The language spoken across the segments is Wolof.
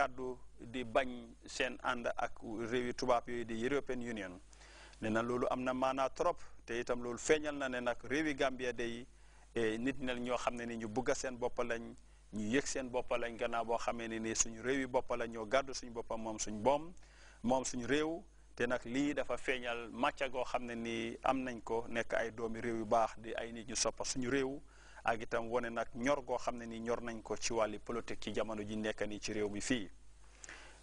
kàddu di bañ seen ànd ak réew yu tubaab yooyu di European Union nee na loolu am na maanaa trop te itam loolu feeñal na ne nag réew réewi Gambia day e, nit ñi ñoo xam ne ni ñu bugg seen boppa lañ ñu yëg seen boppa lañ gannaaw boo xamee ne nii suñu réewi boppa lañ ñoo gàddu suñu boppa moom suñu boom moom suñu réew te nag lii dafa feeñal màcca goo xam ne nii am nañ ko nekk ay doomi réew yu baax di ay nit ñu soppa suñu réew ak itam wane nag ñor goo xam ne ni ñor nañ ko ci wàlli politique ci jamono ji nekk nii ci réew mi fii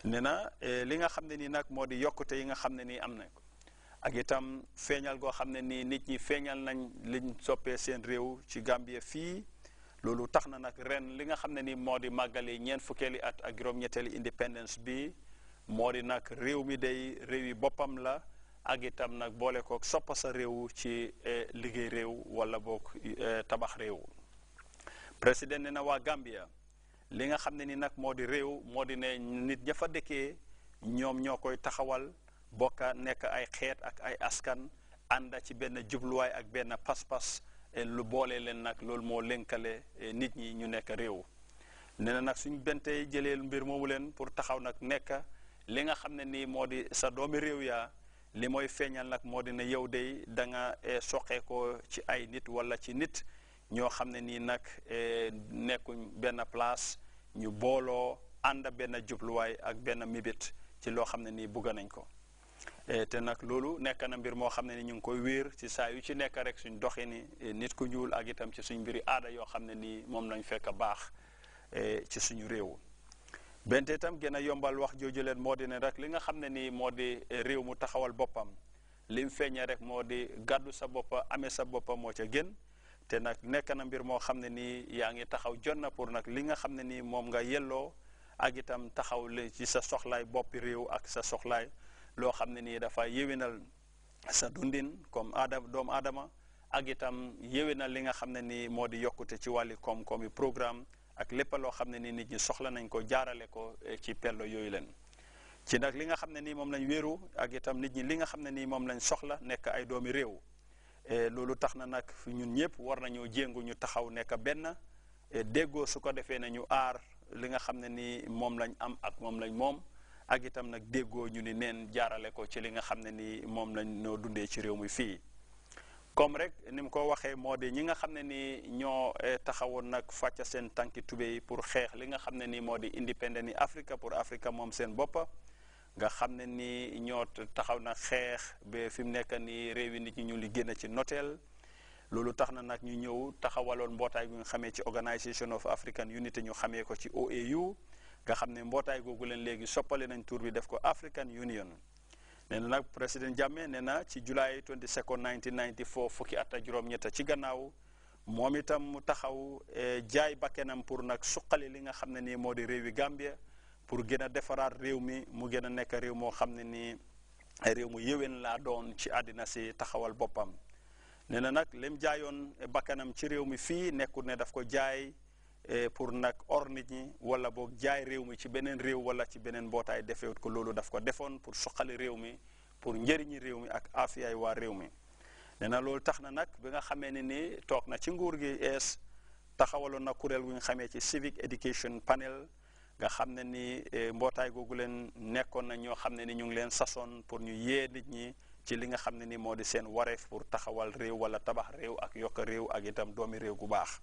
nee na e, li nga xam ne nii nag moo di yokkute yi nga xam ne nii am na ko ak itam feeñal goo xam ne nii nit ñi feeñal nañ liñ soppee seen réew ci Gambie fii loolu tax na nag ren li nga xam ne ni moo di màggali ñeent fukkeeli at ak juróom-ñetteeli indépendance bi moo di nag réew mi day réew yi boppam la ak itam nag boole kook soppa sa réew ci e, liggéey réew wala boog e, tabax réew président ne na waa Gambia li nga xam ne ni nag moo di réew moo di ne nit ña fa dëkkee ñoom ñoo koy taxawal bokka nekk ay xeet ak ay askan ànda ci benn jubluwaay ak benn pas-pas eh, lu boole leen nag loolu moo lënkale eh, nit ñi ñu nekk réew nee na nag suñ bentee jëlee mbir moomu leen pour taxaw nag nekk li nga xam ne nii moo di sa doomi réew yaa li mooy feeñal nag moo dina yow de danga nga eh, soqeekoo ci ay nit wala ci nit ñoo xam ne nii nag eh, nekkuñ benn place ñu booloo ànd benn jubluwaay ak benn mibit ci loo xam ne nii bugg nañ ko eh, te nag loolu nekk na mbir moo xam ne ni ñu ngi koy wéer ci saa yu ci nekk rek suñ doxee eh, ni nit ku ñuul ak itam ci suñ mbiri aada yoo xam ne nii moom lañ fekk baax ci suñu réew. bente itam gën a yombal wax jooju leen moo di ne rek li nga xam ne nii moo di réew mu taxawal boppam lim feeñee rek moo di gàddu sa boppa amee sa boppa moo ca gën. te nag nekk na mbir moo xam ne nii yaa ngi taxaw jot na pour nag li nga xam ne nii moom nga yelloo ak itam taxaw ci sa soxlaay boppi réew ak sa soxlaay loo xam ne nii dafa yéwénal sa dundin comme aadama doomu aadama ak itam yéwénal li nga xam ne nii moo di yokkute ci wàlli koom yi programme ak lépp loo xam ne nii nit ñi soxla nañ ko jaarale ko eh, ci pello yooyu leen ci nag li nga xam ne nii moom lañ wéeru ak itam nit ñi li nga xam ne nii moom lañ soxla nekk ay doomi réew Eh, loolu tax na nag ñun ñëpp war nañoo jéngu ñu taxaw nekk benn eh, déggoo su ko defee nañu aar li nga xam ne ni moom lañ am ak moom lañ moom ak itam nag déggoo ñu ni neen jaarale ko ci li nga xam ne ni moom lañ noo dundee ci réew mi fii comme rek ni mu ko waxee moo di ñi nga xam ne ni ñoo eh, taxawoon nag fàcc seen tànki tubéy pour xeex li nga xam ne ni moo di independent yi Africa pour Africa moom seen boppa nga xam ne ni ñoo taxaw na xeex ba fi mu nekk ni réewi nit ñi ñu li génn ci noteel loolu tax na nag ñu ñëw taxawaloon mbootaay gu ñu xamee ci Organisation of African Unity ñu xamee ko ci OAU nga xam ne mbootaay googu leen léegi soppale nañ tuur bi def ko African Union nee na nag président Jammeh nee na ci July 22 1994 fukki at ak juróom-ñett ci gannaaw moom itam mu taxaw eh, jaay bakkenam pour nag suqali li nga xam ne nii moo di réewi Gambia pour gën a defaraat réew mi mu gën a nekk réew moo xam ne ni réew mu yëwén laa doon ci àddina si taxawal boppam nee na nag lim jaayoon bakkanam ci réew mi fii nekkul ne daf ko jaay eh, pour nag or nit ñi wala boog jaay réew mi ci beneen réew wala ci beneen mbootaay defewut ko loolu daf ko defoon pour suqali réew mi pour njëriñi réew mi ak afiyaay waa réew mi nee na loolu tax na nag bi nga xamee ne nii toog na ci nguur gi ees taxawaloon na kuréel gu ñu xamee ci civic education panel nga xam ne ni eh, mbootaay googu leen nekkoon na ñoo xam ne ni ñu ngi leen sasoon pour ñu yee nit ñi ci li nga xam ne ni moo di seen wareef pour taxawal réew wala tabax réew ak yokk réew ak itam doomi réew gu baax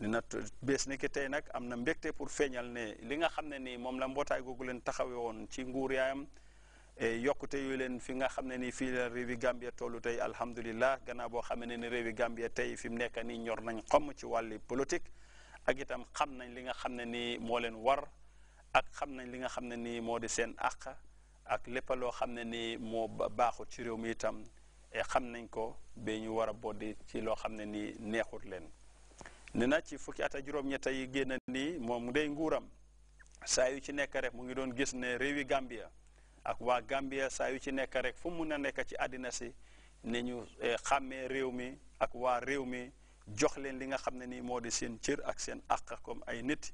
na bés ni tey nag am na mbégte pour feeñal ne li nga xam ne ni moom la mbootaay googu leen taxawe woon ci nguur yaayam eh, yokkute yu leen fi nga xam ne ni fii la réewi Gambia tollu tey alhamdulilah gannaaw boo xam ne ni réewi Gambia tey fi mu nekk nii ñor nañ xomm ci wàlli politique ak itam xam nañ li nga xam ne ni moo leen war ak xam nañ li nga xam ne nii moo di seen àq ak lépp loo xam ne nii moo baaxut ci réew mi itam xam nañ ko ba ñu war a boddi ci loo xam ne nii neexut leen ne na ci fukki ata ak juróom-ñett yi génn nii moom day nguuram saa yu ci nekk rek mu ngi doon gis ne réewi Gambia ak waa Gambia saa yu ci nekk rek fu mu mun a nekk ci àddina si ne ñu eh, xàmmee réew mi ak waa réew mi jox leen li nga xam ne nii moo di seen cër ak seen àq comme ay nit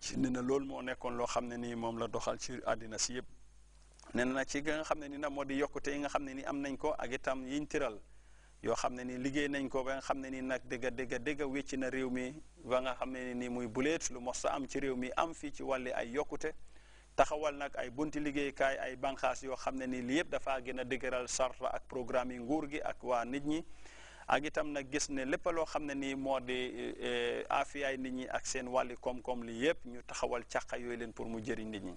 ci ne na loolu moo nekkoon loo xam ne nii moom la doxal ci àddina si yëpp nee na ci nga xam ne ni nag moo di yokkute yi nga xam ne ni am nañ ko ak itam yiñ tiral yoo xam ne ni liggéey nañ ko ba nga xam ne ni nag dégga na réew mi ba nga xam ne ni muy buleet lu mos sa am ci réew mi am fii ci wàlli ay yokkute taxawal nag ay bunti liggéeykaay ay banqaas yoo xam ne ni li yëpp dafa gën a dëgëral sarta ak programme yi nguur gi ak waa nit ñi ak itam nag gis ne lépp loo xam ne nii moo di eh, afiyaay nit ñi ak seen wàlli koom-koom li yëpp ñu taxawal càqa yooyu leen pour mu jëriñ nit ñi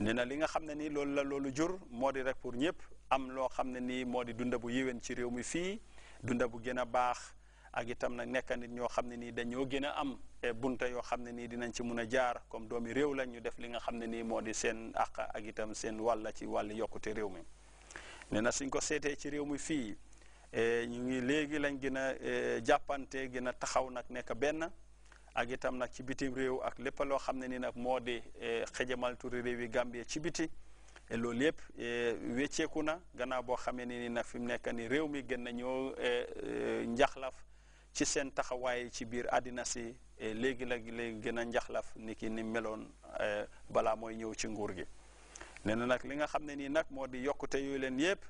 nee na li nga xam ne nii loolu la loolu jur moo di rek pour ñëpp am loo xam ne nii moo di dunda bu yiwén ci réew mi fii dunda bu gën a baax ak itam nag nekk nit ñoo xam ne nii dañoo gën a am eh, bunta yoo xam ne nii dinañ ci mun a jaar comme doomi réew la ñu def li nga xam ne nii moo di seen àq ak itam seen wàll ci wàlli yokkute réew mi suñ ko seetee ci réew mi fii Eh, ñu ngi léegi lañ gën a eh, jàppante gën a taxaw nag nekk benn ak itam nag ci bitim réew ak lépp loo xam ne ni nag moo di eh, xëjamal turi réew yi Gambie ci biti loolu yëpp wécceeku na gannaaw boo xamee ne ni nag fi mu nekk ni réew mi gën nañoo njaxlaf ci seen taxawaay ci biir àddina si léegi la léegi gën a njaxlaf ni ki ni meloon balaa mooy ñëw ci nguur gi nee na nag li nga xam ne nii nag moo di yokkute yooyu leen yëpp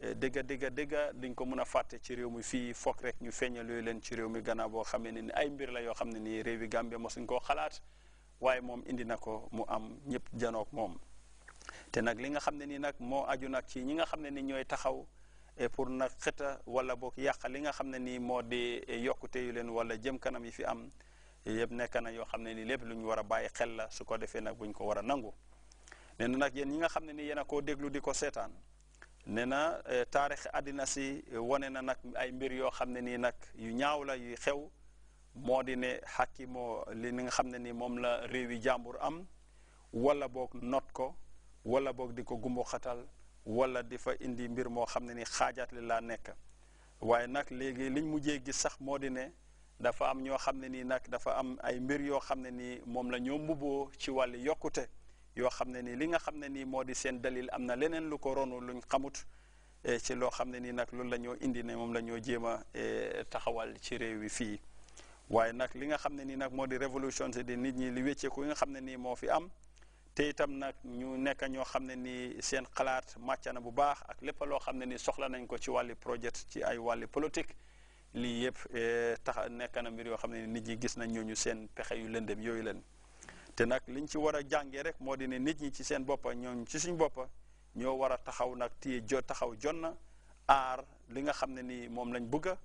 Eh, dëgga dëgga dëgga duñ ko mun a fàtte ci réew mi fii foog rek ñu feeñaloo leen ci réew mi gannaaw boo xamee ne ni ay mbir la yoo xam ne nii réew yi Gambia mosuñ koo xalaat waaye moom indi na ko mu am ñëpp janook moom te nag li nga xam ne nii nag moo aju nag ci ñi nga xam ne ni ñooy taxaw eh, pour nag xëta wala boog yàq li nga xam ne nii moo di eh, yokkute yu leen wala jëm kanam yi fi am yëpp nekk na yoo xam ne ni lépp lu ñu war a bàyyi xel la su ko defee nag buñ ko war a nangu nee nag yéen ñi nga xam ne ni yéen a koo déglu di ko seetaan ne na eh, taarix si wane na nag ay mbir yoo xam ne nii nag yu ñaaw la yuy xew moo di ne hakimo li nga xam ne ni moom la rewi jambur am wala boog not ko wala boog di ko xatal wala di fa indi mbir moo xam ne ni xaajaat li la nekk waaye nag léegi liñ mujjee gis sax moo di ne dafa am ñoo xam ne nii nag dafa am ay mbir yoo xam ne nii moom la ñoo mbubboo ci wali yokkute yoo xam ne nii li nga xam ne nii moo di seen dalil am na leneen lu ko ronu luñ xamut eh, ci loo xam ne nii nag loolu la ñoo indi ne moom la ñoo jéem a eh, taxawal ci réew yi fii waaye nag li nga xam ne nii nag moo di révolution c'est di nit ñi li wécceeku yi nga xam ne nii moo fi am te itam nag ñu nekk ñoo xam ne nii seen xalaat màcc na bu baax ak lépp loo xam ne nii soxla nañ ko ci wàlli projet ci ay wàlli politique lii yëpp eh, tax nekk na mbir yoo xam ne nit ñi gis nañ ñooñu seen pexe yu lëndëm yooyu leen te nag liñ ci war a jàngee rek moo di ne nit ñi ci seen boppa ñoom ci suñ boppa ñoo war a taxaw nag téye jo taxaw jon na aar li nga xam ne nii moom lañ bëgg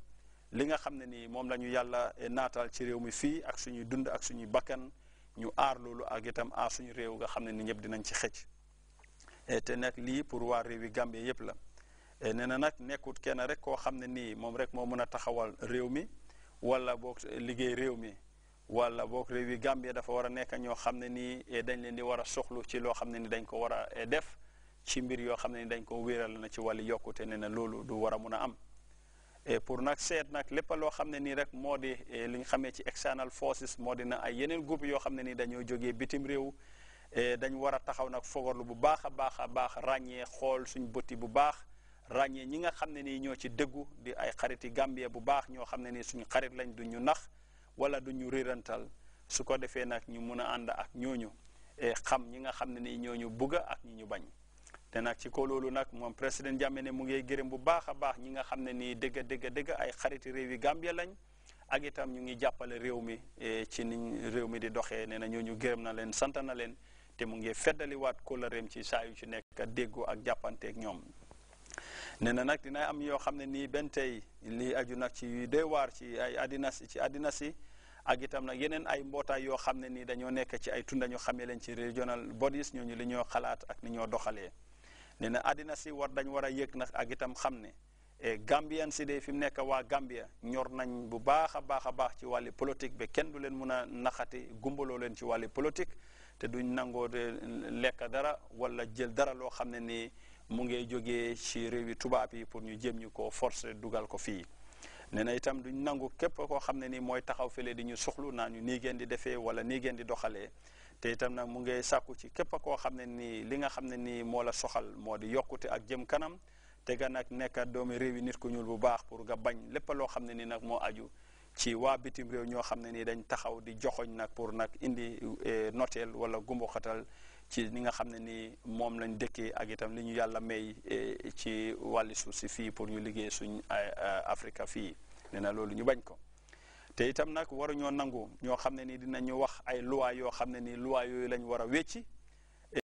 li nga xam ne nii moom la yàlla naataal ci réew mi fii ak suñuy dund ak suñuy bakkan ñu aar loolu ak itam aar suñu réew nga xam ne ni ñëpp dinañ ci xëcc te nag lii pour waar réew yi Gambie yëpp la nee na nag nekkut kenn rek koo xam ne nii moom rek moo mën a taxawal réew mi wala boog liggéey réew mi wala boog réewi Gambia dafa war a nekk ñoo xam ne nii eh, dañ leen di war a soxlu ci loo xam ne ni dañ ko war a eh, def ci mbir yoo xam ne ni dañ ko wéeral na ci wàllu yokkute ne na loolu du war a mun a am eh, pour nag seet nag lépp loo xam ne nii rek moo di li ñu xamee ci external forces moo di na ay yeneen groupe yoo xam ne nii dañoo jógee bitim réew dañ war a taxaw nag fogarlu bu baax a baax a baax ràññee xool suñ bëti bu baax ràññee ñi nga xam ne nii ñoo ci dëggu di ay xariti Gambia bu baax ñoo xam ne nii suñu xarit lañ du ñu nax wala du ñu rirantal su ko defee nag ñu mun a ànd ak ñooñu eh, xam ñi nga xam ne ni ñoo ñu bugg ak ñi ñu bañ te nag ci ko loolu nag moom président Jammeh ne mu ngi gërëm bu baax a baax ñi nga xam ne nii dëgg dëgg dëgg ay xaritu réew yi Gambia lañ ak itam ñu ngi jàppale réew mi eh, ci niñ réew mi di doxee nee na ñu gërëm na leen sant na leen te mu ngi feddaliwaat kóllëreem ci saa yu ci nekk déggoo ak jàppanteeg ñoom. nee na nag dina am yoo xam ne nii benn tey lii aju nag ci yu doy waar ci ay ci addina si ak itam nag yeneen ay mbootaay yoo xam ne nii dañoo nekk ci ay tunda ñu xamee leen ci regional bodies ñooñu li ñoo xalaat ak ni ñoo doxalee nee na addina si war dañ war a yëg nag ak xam ne e, Gambian si de fi mu nekk waa Gambia ñor nañ bu baax a baax a baax ci wàlli politique ba kenn du leen mun a naxati gumbaloo leen ci wàlli politique te duñ nangoo lekk dara wala jël dara loo xam ne nii mu ngee jógee ci yi tubaab yi pour ñu jëm ñu ko forcer dugal ko fii nee na itam duñ nangu képp koo xam ne ni mooy taxaw fële di ñu soxlu naa ñu nii geen di defee wala nii geen di doxalee te itam nag mu ngee sàkku ci képp koo xam ne nii li nga xam ne nii moo la soxal moo di yokkute ak jëm kanam te ga nag nekk doomi réew yi nit ku ñuul bu baax pour nga bañ lépp loo xam ne nii nag moo aju ci waa bitim réew ñoo xam ne nii dañ taxaw di joxoñ nag pour nag indi eh, noteel wala gumbuxatal ci ni nga xam ne ni moom lañ dëkkee ak itam li ñu yàlla may e, ci wàlli suuf si fii pour ñu liggéey suñ africa fii nee na loolu ñu bañ ko te itam nag waruñoo nangu ñoo xam ne ni dinañu wax ay loi yoo xam ne ni loi yooyu lañ war a wecci